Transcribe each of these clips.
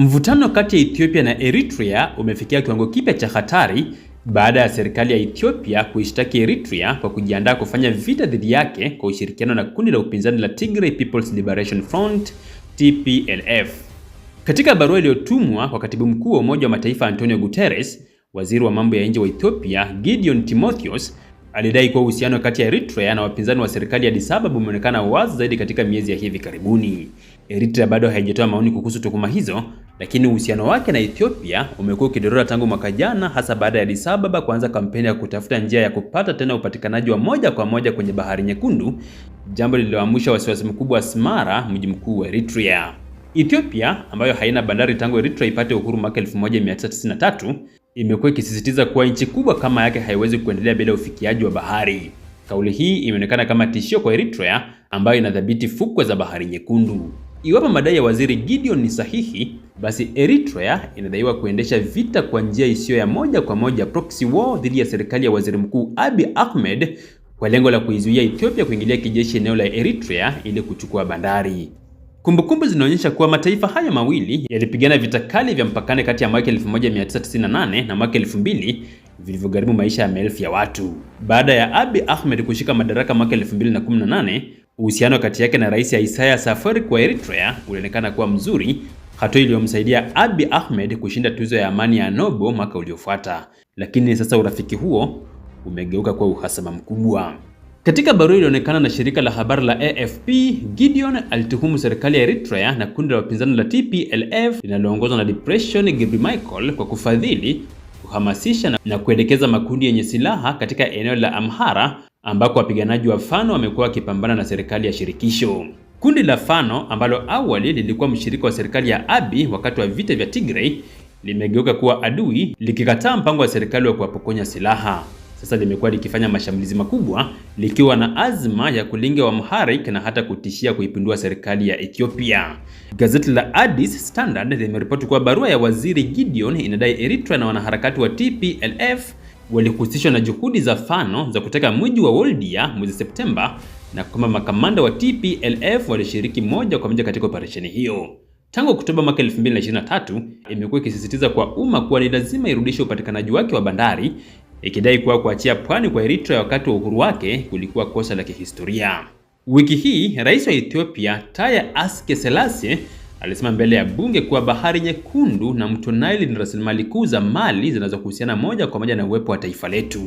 Mvutano kati ya Ethiopia na Eritrea umefikia kiwango kipya cha hatari baada ya serikali ya Ethiopia kuishtaki Eritrea kwa kujiandaa kufanya vita dhidi yake kwa ushirikiano na kundi la upinzani la Tigray People's Liberation Front, TPLF. Katika barua iliyotumwa kwa Katibu Mkuu wa Umoja wa Mataifa Antonio Guterres, waziri wa mambo ya nje wa Ethiopia Gideon Timotheos alidai kuwa uhusiano kati ya Eritrea na wapinzani wa serikali ya Addis Ababa umeonekana wazi zaidi katika miezi ya hivi karibuni. Eritrea bado haijatoa maoni kuhusu tuhuma hizo lakini uhusiano wake na Ethiopia umekuwa ukidorora tangu mwaka jana, hasa baada ya Addis Ababa kuanza kampeni ya kutafuta njia ya kupata tena upatikanaji wa moja kwa moja kwenye Bahari Nyekundu, jambo lililoamsha wasiwasi mkubwa wa Smara, mji mkuu wa Eritrea. Ethiopia ambayo haina bandari tangu Eritrea ipate uhuru mwaka 1993 imekuwa ikisisitiza kuwa nchi kubwa kama yake haiwezi kuendelea bila ufikiaji wa bahari. Kauli hii imeonekana kama tishio kwa Eritrea ambayo inadhibiti fukwe za Bahari Nyekundu. Iwapo madai ya Waziri Gideon ni sahihi, basi Eritrea inadaiwa kuendesha vita kwa njia isiyo ya moja kwa moja, proxy war, dhidi ya serikali ya Waziri Mkuu Abiy Ahmed kwa lengo la kuizuia Ethiopia kuingilia kijeshi eneo la Eritrea ili kuchukua bandari. Kumbukumbu zinaonyesha kuwa mataifa hayo mawili yalipigana vita kali vya mpakani kati ya mwaka 1998 na mwaka 2000 vilivyogharimu maisha ya maelfu ya watu. Baada ya Abiy Ahmed kushika madaraka mwaka 2018, Uhusiano kati yake na Rais Isaiah Safari kwa Eritrea ulionekana kuwa mzuri, hatua iliyomsaidia Abiy Ahmed kushinda tuzo ya amani ya Nobel mwaka uliofuata. Lakini sasa urafiki huo umegeuka kuwa uhasama mkubwa. Katika barua ilionekana na shirika la habari la AFP, Gideon alituhumu serikali ya Eritrea na kundi la wapinzani la TPLF linaloongozwa na Depression Gebremichael kwa kufadhili, kuhamasisha na kuelekeza makundi yenye silaha katika eneo la Amhara ambako wapiganaji wa Fano wamekuwa wakipambana na serikali ya shirikisho. Kundi la Fano ambalo awali lilikuwa mshirika wa serikali ya Abiy wakati wa vita vya Tigray limegeuka kuwa adui, likikataa mpango wa serikali wa kuwapokonya silaha. Sasa limekuwa likifanya mashambulizi makubwa likiwa na azma ya kulinga Wamharik na hata kutishia kuipindua serikali ya Ethiopia. Gazeti la Addis Standard limeripoti kuwa barua ya Waziri Gideon inadai Eritrea na wanaharakati wa TPLF walihusishwa na juhudi za Fano za kuteka mji wa Woldia mwezi Septemba na kwamba makamanda wa TPLF walishiriki moja kwa moja katika operesheni hiyo. Tangu Oktoba mwaka 2023 imekuwa ikisisitiza kwa umma kuwa ni lazima irudishe upatikanaji wake wa bandari, ikidai kuwa kuachia pwani kwa Eritrea wakati wa uhuru wake kulikuwa kosa la kihistoria. Wiki hii rais wa Ethiopia Taya Aske Selassie Alisema mbele ya bunge kuwa Bahari Nyekundu na Mto Nile ni rasilimali kuu za mali zinazohusiana moja kwa moja na uwepo wa taifa letu.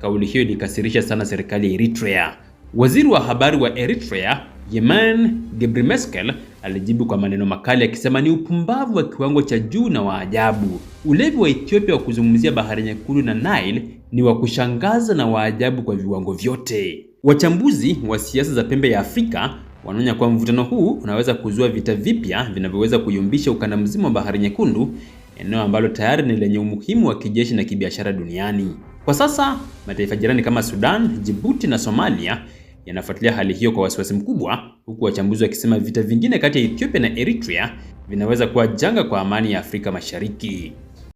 Kauli hiyo ilikasirisha sana serikali ya Eritrea. Waziri wa habari wa Eritrea, Yeman Gebremeskel, alijibu kwa maneno makali akisema ni upumbavu wa kiwango cha juu na wa ajabu. Ulevi wa Ethiopia wa kuzungumzia Bahari Nyekundu na Nile ni wa kushangaza na wa ajabu kwa viwango vyote. Wachambuzi wa siasa za pembe ya Afrika Wanaonya kuwa mvutano huu unaweza kuzua vita vipya vinavyoweza kuyumbisha ukanda mzima wa Bahari Nyekundu, eneo ambalo tayari ni lenye umuhimu wa kijeshi na kibiashara duniani. Kwa sasa, mataifa jirani kama Sudan, Djibouti na Somalia yanafuatilia hali hiyo kwa wasiwasi mkubwa, huku wachambuzi wakisema vita vingine kati ya Ethiopia na Eritrea vinaweza kuwa janga kwa amani ya Afrika Mashariki.